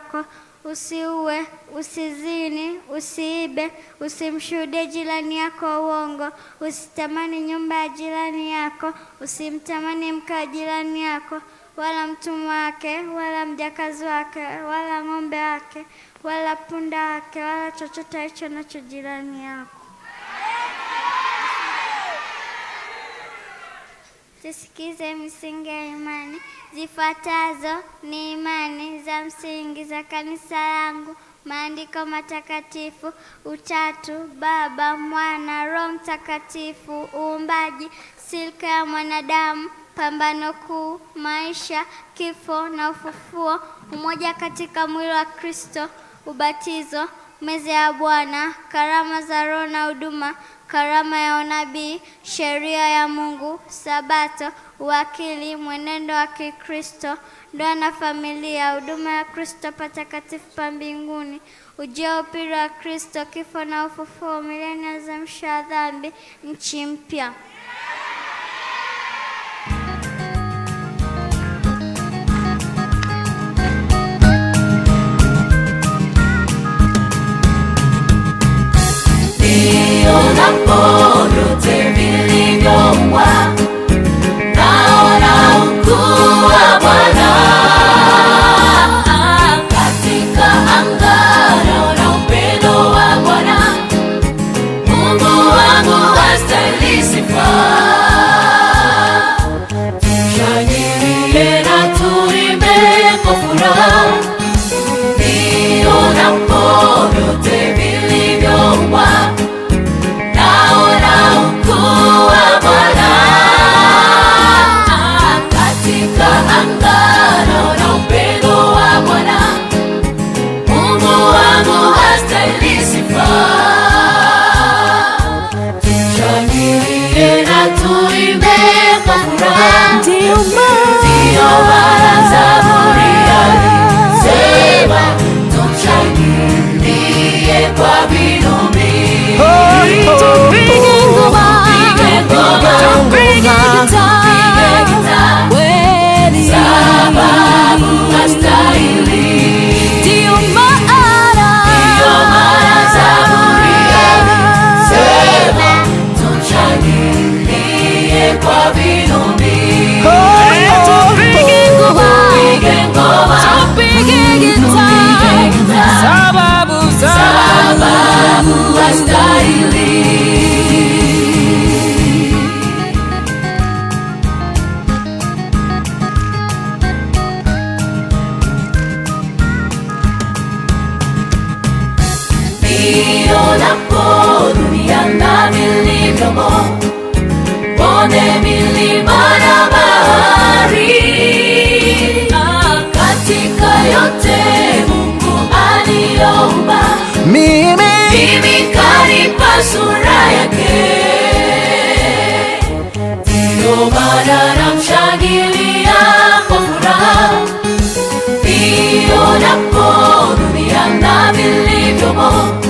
wako, usiue, usizini, usiibe, usimshuhudie jirani yako uongo, usitamani nyumba ya jirani yako, usimtamani mke wa jirani yako, wala mtumwa wake, wala mjakazi wake, wala ng'ombe wake, wala punda wake, wala chochote alicho nacho jirani yako. tusikize misingi ya imani. Zifuatazo ni imani za msingi za kanisa langu: maandiko matakatifu, utatu, Baba, Mwana, Roho Mtakatifu, uumbaji, silka ya mwanadamu, pambano kuu, maisha, kifo na ufufuo, umoja katika mwili wa Kristo, ubatizo meza ya Bwana, karama za Roho na huduma, karama ya unabii, sheria ya Mungu, Sabato, uwakili, mwenendo wa Kikristo, ndoa na familia, huduma ya Kristo patakatifu pa mbinguni, ujio wa wa Kristo, kifo na ufufuo, milenia za msha dhambi, nchi mpya. Vyote vilivyowa naona ukuu wa Bwana. nilionapo dunia na vilivyomo, bonde, milima na bahari, katika yote Mungu aliyoumba, mimi kanipa sura yake, ndiyo maana namshangilia kwa furaha nilionapo dunia na vilivyomo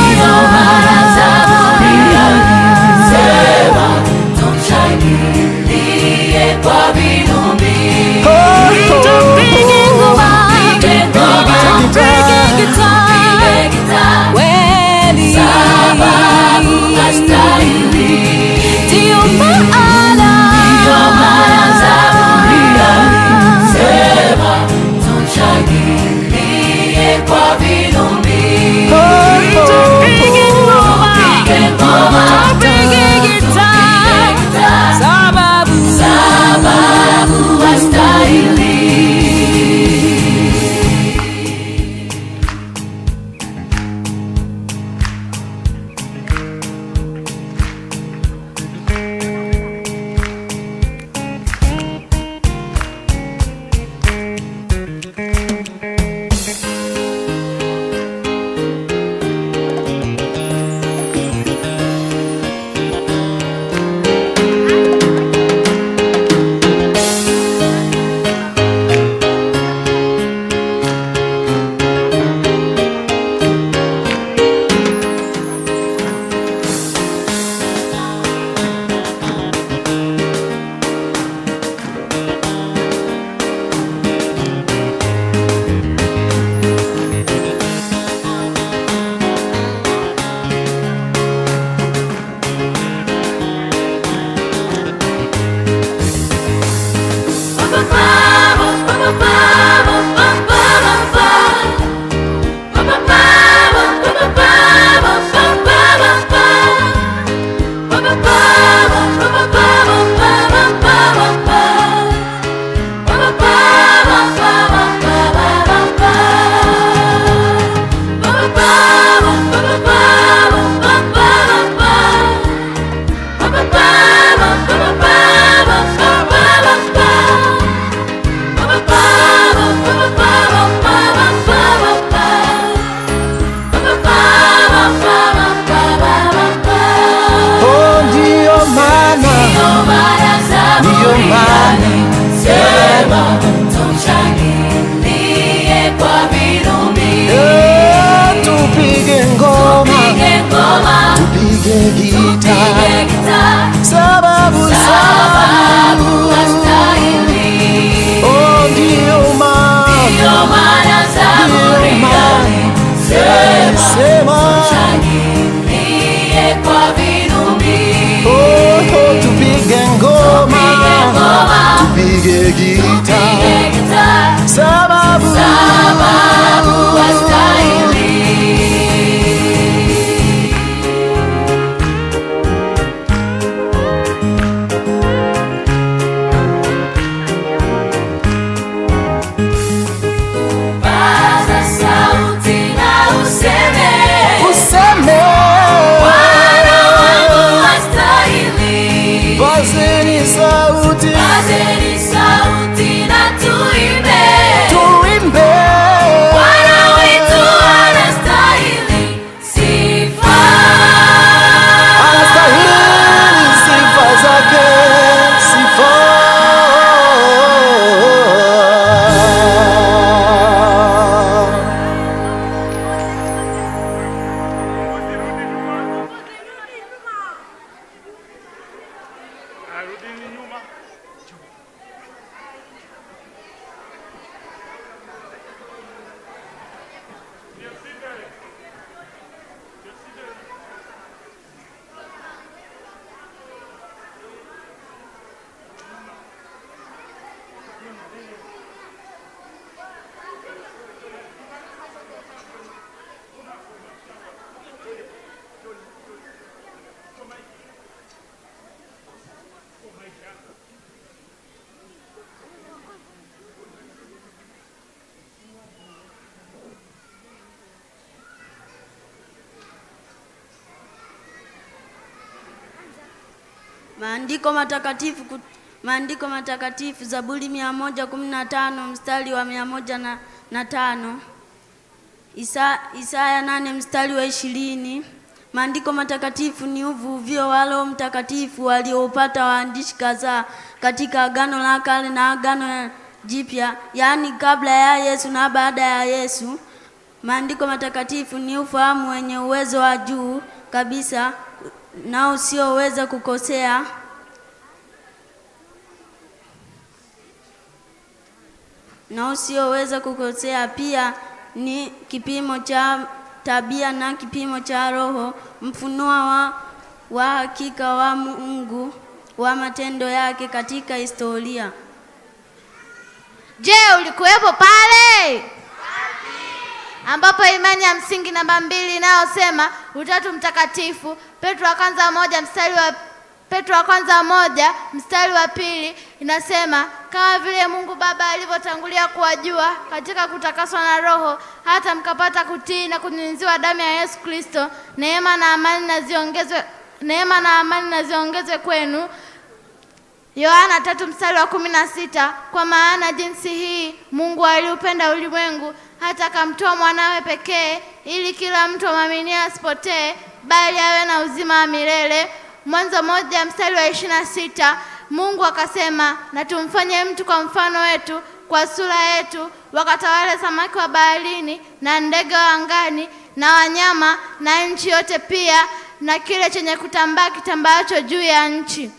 seguir. Maandiko matakatifu Maandiko matakatifu Zaburi 115 mstari wa 105, Isa, Isaya 8 mstari wa 20. Maandiko matakatifu ni uvuvio wa Roho Mtakatifu walioupata waandishi kadhaa katika Agano la Kale na Agano Jipya, yaani kabla ya Yesu na baada ya Yesu. Maandiko matakatifu ni ufahamu wenye uwezo wa juu kabisa na usioweza kukosea. na usioweza kukosea, pia ni kipimo cha tabia na kipimo cha roho, mfunua wa, wa hakika wa Mungu wa matendo yake katika historia. Je, ulikuwepo pale ambapo imani ya msingi namba mbili inayosema Utatu Mtakatifu, Petro wa kwanza moja mstari wa Petro wa kwanza moja mstari wa pili inasema kama vile Mungu Baba alivyotangulia kuwajua katika kutakaswa na Roho, hata mkapata kutii na kunyunyiziwa damu ya Yesu Kristo. Neema na amani na ziongezwe, neema na amani na ziongezwe kwenu. Yohana tatu mstari wa kumi na sita. Kwa maana jinsi hii Mungu aliupenda ulimwengu hata akamtoa mwanawe pekee, ili kila mtu amwaminie asipotee, bali awe na uzima wa milele. Mwanzo moja mstari wa ishirini na sita. Mungu akasema, na tumfanye mtu kwa mfano wetu, kwa sura yetu, wakatawale samaki wa baharini na ndege wa angani na wanyama na nchi yote pia na kile chenye kutambaa kitambaacho juu ya nchi.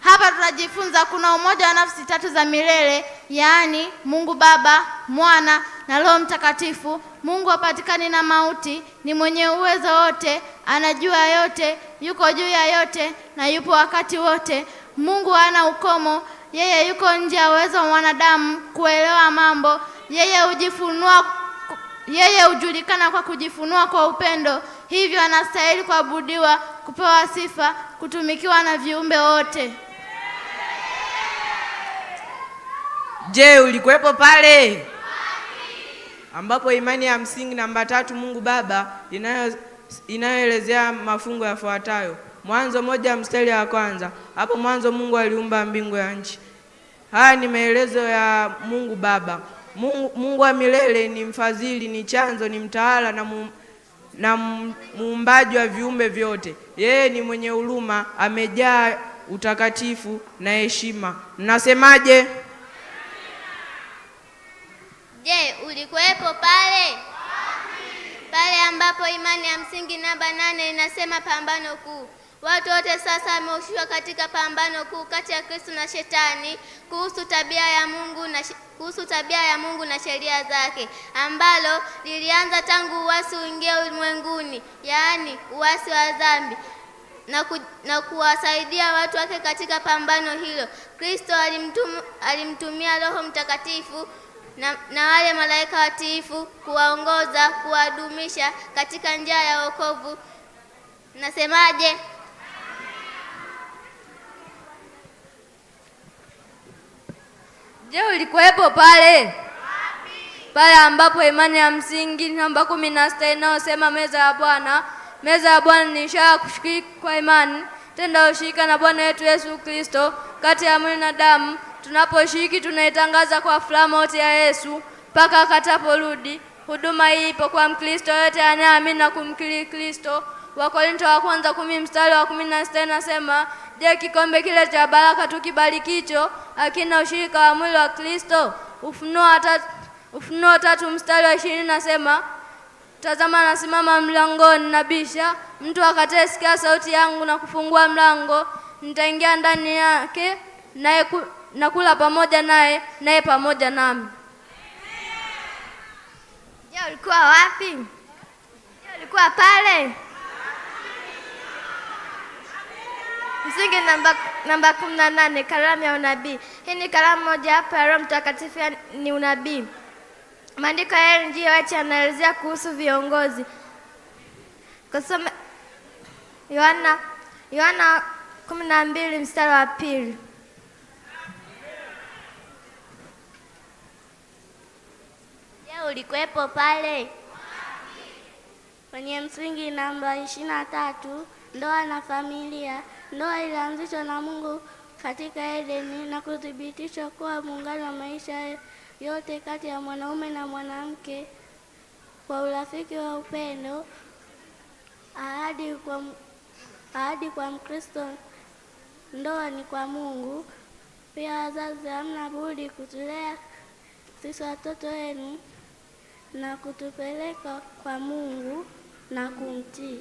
Hapa tunajifunza kuna umoja wa nafsi tatu za milele, yaani Mungu Baba, Mwana na Roho Mtakatifu. Mungu hapatikani na mauti, ni mwenye uwezo wote, anajua yote, yuko juu ya yote na yupo wakati wote. Mungu hana ukomo, yeye yuko nje ya uwezo wa mwanadamu kuelewa mambo. Yeye hujifunua, yeye hujulikana kwa kujifunua kwa upendo, hivyo anastahili kuabudiwa, kupewa sifa, kutumikiwa na viumbe wote. Je, ulikuwepo pale ambapo imani ya msingi namba tatu Mungu Baba inayoelezea mafungo yafuatayo: Mwanzo moja mstari wa kwanza. Hapo mwanzo Mungu aliumba mbingu ya nchi. Haya ni maelezo ya Mungu Baba. Mungu, Mungu wa milele ni mfadhili, ni chanzo, ni mtawala na mu, na muumbaji wa viumbe vyote. Yeye ni mwenye huruma, amejaa utakatifu na heshima. Mnasemaje? Je, ulikuwepo pale pale ambapo imani ya msingi namba nane inasema pambano kuu Watu wote sasa wamehusishwa katika pambano kuu kati ya Kristo na Shetani kuhusu tabia ya Mungu na kuhusu tabia ya Mungu na sheria zake, ambalo lilianza tangu uasi uingie ulimwenguni, yaani uasi wa dhambi na, ku, na kuwasaidia watu wake katika pambano hilo. Kristo alimtum, alimtumia Roho Mtakatifu na, na wale malaika watiifu kuwaongoza, kuwadumisha katika njia ya wokovu. Nasemaje? Je, ulikuwepo pale pale ambapo imani ya msingi namba kumi na sita inayosema meza ya Bwana. Meza ya Bwana ni ishara ya kushiriki kwa imani, tenda ushirika na Bwana wetu Yesu Kristo kati ya mwili na damu. Tunaposhiriki tunaitangaza kwa furaha mauti ya Yesu mpaka akataporudi. Huduma hii ipo kwa Mkristo yote anayeamini na kumkiri Kristo. Wakorinto wa kwanza kumi mstari wa kumi na sita inasema, je, kikombe kile cha baraka tukibarikicho hakina ushirika wa mwili wa Kristo? Ufunuo tatu, Ufunuo tatu mstari wa ishirini nasema Tazama, nasimama mlangoni nabisha, mtu sikia sauti yangu na kufungua mlango, nitaingia ndani yake naye na kula pamoja naye naye pamoja nami. Je, ulikuwa wapi? Je, ulikuwa pale? Msingi namba, namba kumi na nane karamu ya unabii. Hii ni karamu moja hapo ya Roho Mtakatifu ni unabii. Maandiko ya Ellen G. White yanaelezea kuhusu viongozi. Kusoma Yohana Yohana kumi na mbili mstari wa pili. Je, ulikuwepo pale? Kwenye msingi namba ishirini na tatu, ndoa na familia Ndoa ilianzishwa na Mungu katika Edeni na kuthibitishwa kuwa muungano wa maisha yote kati ya mwanaume na mwanamke kwa urafiki wa upendo. Ahadi kwa, ahadi kwa Mkristo, ndoa ni kwa Mungu. Pia wazazi, hamna budi kutulea sisi watoto wenu na kutupeleka kwa Mungu na kumtii.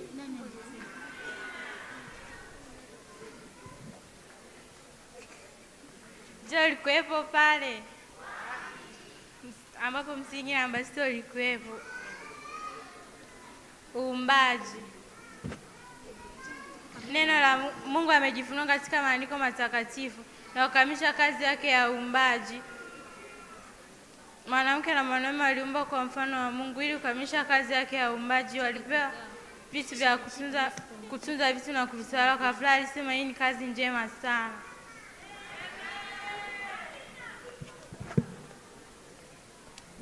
Joe likuwepo pale ambapo msingi namba sita likuwepo uumbaji. Neno la Mungu amejifunua katika maandiko matakatifu na kukamilisha kazi yake ya uumbaji. Mwanamke na mwanaume waliumbwa kwa mfano wa Mungu. Ili kukamilisha kazi yake ya uumbaji, walipewa vitu vya kutunza, kutunza vitu na kuvitawala. Kabla alisema hii ni kazi njema sana.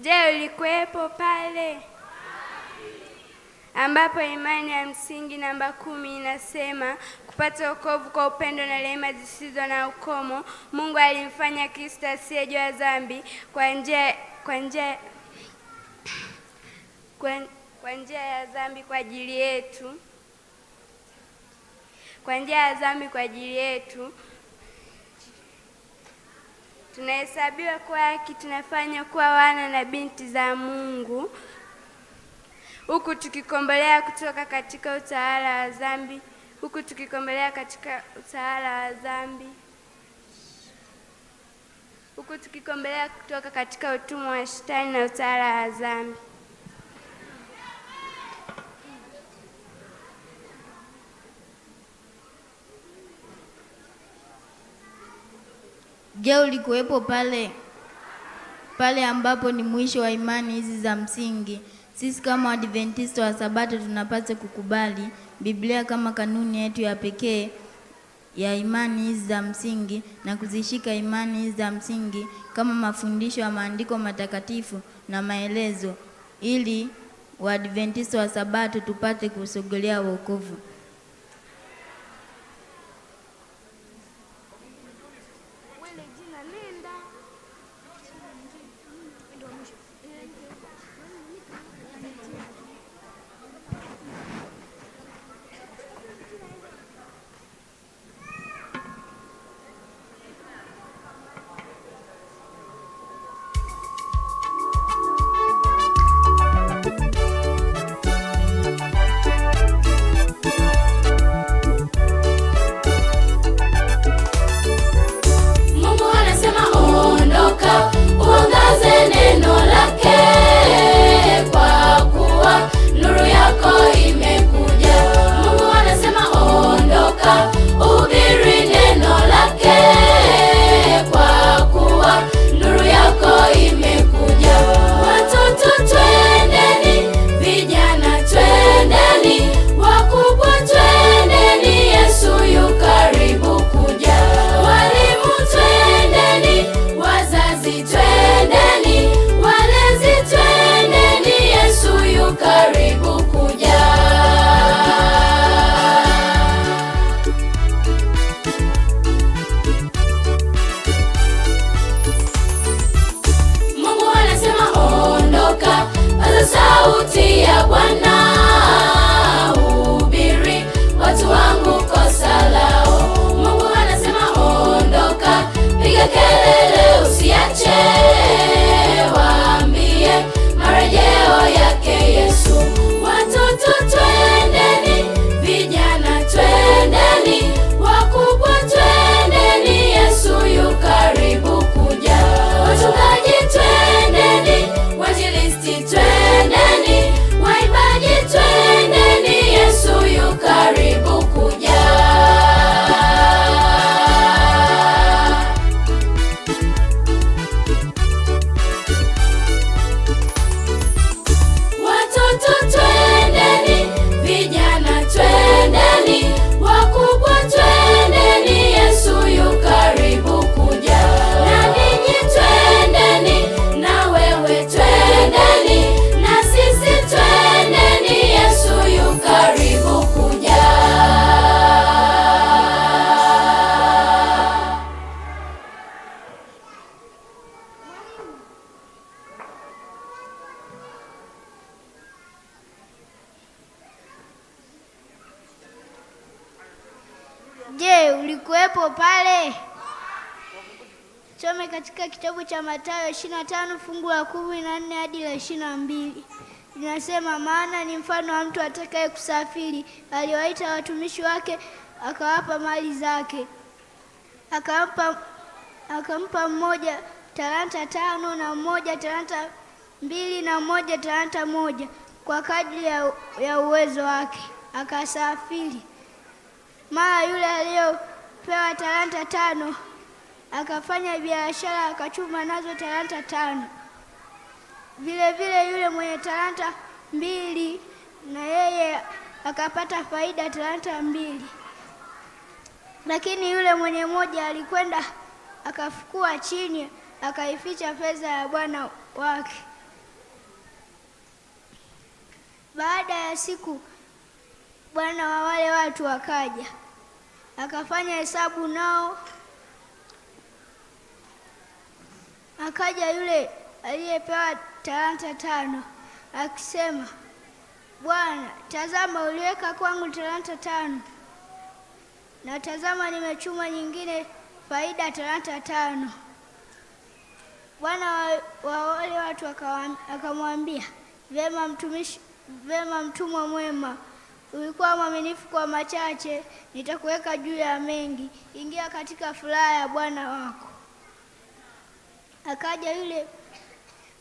Je, ulikuwepo pale ambapo imani ya msingi namba kumi inasema kupata wokovu kwa upendo na rehema zisizo na ukomo. Mungu alimfanya Kristo asiyejua dhambi kwa njia kwa njia kwa njia ya dhambi kwa ajili yetu, kwa njia ya dhambi kwa ajili yetu tunahesabiwa kwa haki, tunafanywa kuwa wana na binti za Mungu, huku tukikombolea kutoka katika utawala wa dhambi, huku tukikombolea katika utawala wa dhambi, huku tukikombolea kutoka katika utumwa wa Shetani na utawala wa dhambi. Je, ulikuwepo pale pale ambapo ni mwisho wa imani hizi za msingi? Sisi kama Waadventista wa Sabato tunapaswa kukubali Biblia kama kanuni yetu ya pekee ya imani hizi za msingi na kuzishika imani hizi za msingi kama mafundisho ya maandiko matakatifu na maelezo, ili Waadventista wa Sabato tupate kusogelea wokovu. Je, ulikuwepo pale? Some katika kitabu cha Mathayo 25 na tano fungu la kumi na nne hadi la 22. mbili linasema, maana ni mfano wa mtu atakaye kusafiri, aliwaita watumishi wake, akawapa mali zake, akampa akampa mmoja talanta tano na mmoja talanta mbili na mmoja talanta moja kwa kadri ya, ya uwezo wake, akasafiri mara yule aliyopewa talanta tano akafanya biashara akachuma nazo talanta tano. Vile vile yule mwenye talanta mbili na yeye akapata faida talanta mbili, lakini yule mwenye moja alikwenda akafukua chini akaificha fedha ya bwana wake. Baada ya siku Bwana wa wale watu akaja akafanya hesabu nao, akaja yule aliyepewa talanta tano akisema, Bwana, tazama uliweka kwangu talanta tano, na tazama nimechuma nyingine faida talanta tano. Bwana wa wale watu akamwambia, Vema mtumishi, vema mtumwa mwema Ulikuwa mwaminifu kwa machache, nitakuweka juu ya mengi. Ingia katika furaha ya Bwana wako. Akaja yule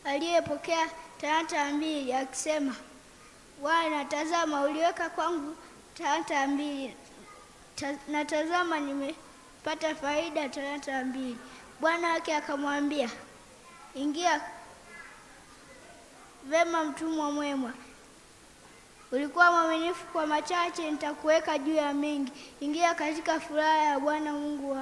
aliyepokea talanta mbili akisema, Bwana, tazama uliweka kwangu talanta mbili na tazama nimepata faida talanta mbili. Bwana wake akamwambia, ingia vema, mtumwa mwema Ulikuwa mwaminifu kwa machache, nitakuweka juu ya mengi. Ingia katika furaha ya Bwana Mungu wa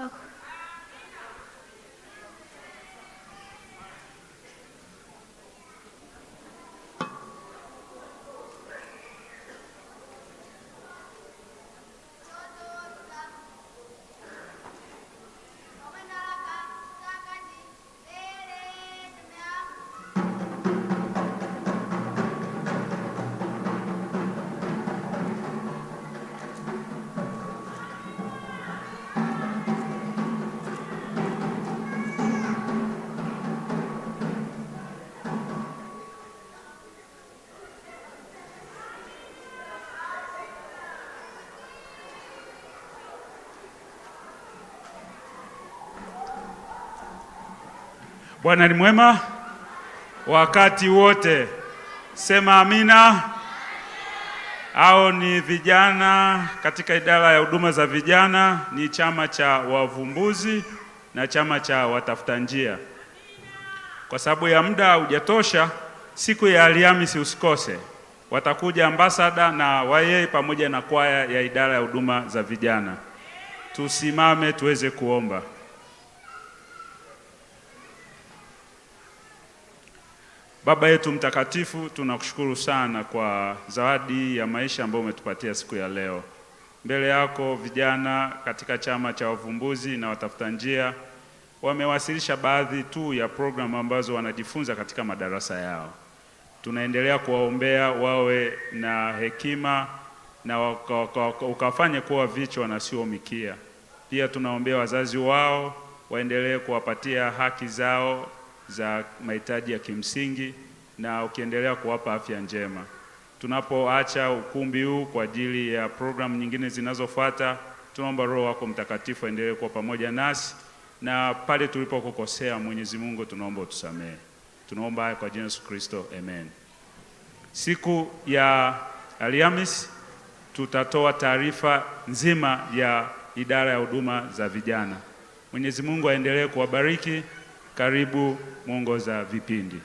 Bwana ni mwema wakati wote, sema amina. Hao ni vijana katika idara ya huduma za vijana, ni chama cha wavumbuzi na chama cha watafuta njia. Kwa sababu ya muda hujatosha, siku ya Alhamisi usikose, watakuja ambasada na waye pamoja na kwaya ya idara ya huduma za vijana. Tusimame tuweze kuomba. Baba yetu mtakatifu, tunakushukuru sana kwa zawadi ya maisha ambayo umetupatia siku ya leo. Mbele yako vijana katika chama cha wavumbuzi na watafuta njia wamewasilisha baadhi tu ya programu ambazo wanajifunza katika madarasa yao. Tunaendelea kuwaombea wawe na hekima na ukafanye kuwa vichwa na sio mikia. Pia tunaombea wazazi wao waendelee kuwapatia haki zao za mahitaji ya kimsingi na ukiendelea kuwapa afya njema. Tunapoacha ukumbi huu kwa ajili ya programu nyingine zinazofuata, tunaomba Roho wako Mtakatifu aendelee kuwa pamoja nasi, na pale tulipokukosea, Mwenyezi Mungu tunaomba utusamehe. Tunaomba haya kwa jina Yesu Kristo, amen. Siku ya Alhamisi tutatoa taarifa nzima ya idara ya huduma za vijana. Mwenyezi Mungu aendelee kuwabariki. Karibu mwongoza vipindi.